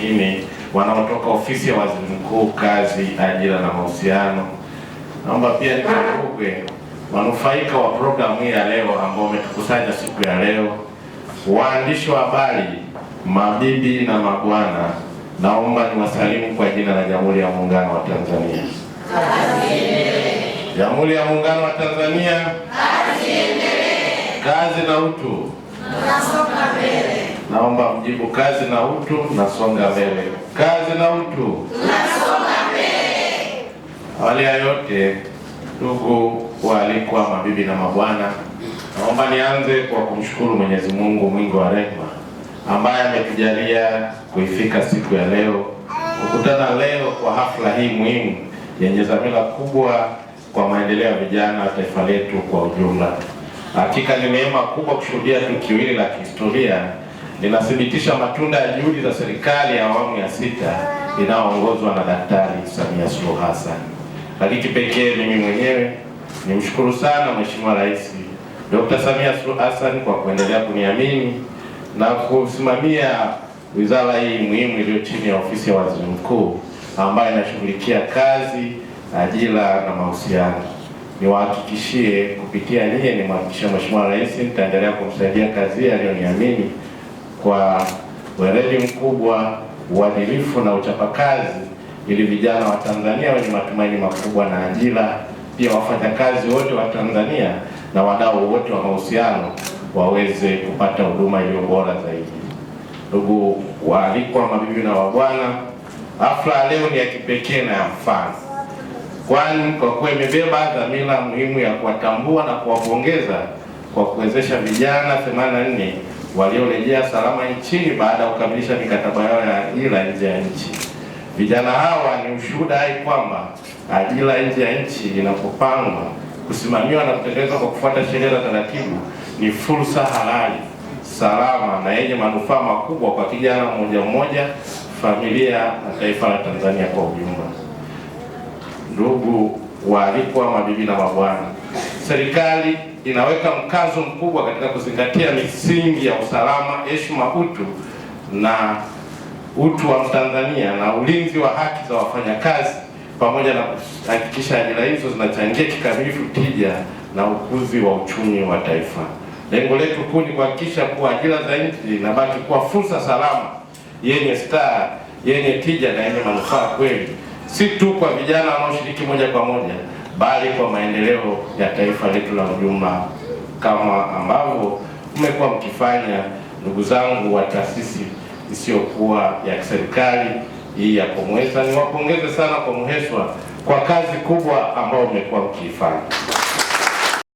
wengine wanaotoka ofisi ya waziri mkuu, kazi, ajira na mahusiano. Naomba pia nikumbukwe wanufaika wa programu hii ya leo ambao umetukusanya siku ya leo, waandishi wa habari, mabibi na mabwana, naomba niwasalimu kwa jina la Jamhuri ya Muungano wa Tanzania. Jamhuri ya Muungano wa Tanzania, kazi na utu, tunasonga mbele. Naomba mjibu kazi na utu, nasonga mbele. Kazi na utu, songa mbele. Awali ya yote, ndugu waalikwa, mabibi na mabwana, naomba nianze kwa kumshukuru Mwenyezi Mungu mwingi wa rehema ambaye ametujalia kuifika siku ya leo kukutana leo kwa hafla hii muhimu yenye dhamira kubwa kwa maendeleo ya vijana wa taifa letu kwa ujumla. Hakika ni neema kubwa kushuhudia tukio hili la kihistoria linathibitisha matunda ya juhudi za serikali ya awamu ya sita inayoongozwa na Daktari Samia Suluhu Hassan. Lakini kipekee mimi mwenyewe nimshukuru sana Mheshimiwa Rais Dr. Samia Suluhu Hassan kwa kuendelea kuniamini na kusimamia wizara hii muhimu iliyo chini ya ofisi ya waziri mkuu ambayo inashughulikia kazi, ajira na mahusiano. Niwahakikishie kupitia nyie, nimwahakikishie Mheshimiwa Rais nitaendelea kumsaidia kazi aliyoniamini kwa weledi mkubwa, uadilifu na uchapakazi, ili vijana wa Tanzania wenye matumaini makubwa na ajira, pia wafanyakazi wote wa Tanzania na wadau wote wa mahusiano waweze kupata huduma iliyo bora zaidi. Ndugu waalikwa, mabibi na wabwana, hafla leo ni ya kipekee na ya mfano, kwani kwa kuwa imebeba dhamira muhimu ya kuwatambua na kuwapongeza kwa kuwezesha vijana 84 waliorejea salama nchini baada ya kukamilisha mikataba yao ya ajira nje ya nchi. Vijana hawa ni ushuhuda hai kwamba ajira nje ya nchi inapopangwa, kusimamiwa na kutekelezwa kwa kufuata sheria na taratibu, ni fursa halali, salama na yenye manufaa makubwa kwa kijana mmoja mmoja, familia na taifa la Tanzania kwa ujumla. Ndugu waalikwa, mabibi na mabwana, serikali inaweka mkazo mkubwa katika kuzingatia misingi ya usalama, heshima, utu na utu wa Mtanzania na ulinzi wa haki za wafanyakazi pamoja na kuhakikisha ajira hizo zinachangia kikamilifu tija na ukuzi wa uchumi wa taifa. Lengo letu kuu ni kuhakikisha kuwa ajira za nchi zinabaki kuwa fursa salama, yenye staa, yenye tija na yenye manufaa kweli, si tu kwa vijana wanaoshiriki moja kwa moja bali kwa maendeleo ya taifa letu la ujumla, kama ambavyo mmekuwa mkifanya ndugu zangu wa taasisi isiyokuwa ya serikali hii ya Komweza. Niwapongeze sana Komheswa kwa kazi kubwa ambayo mmekuwa mkiifanya.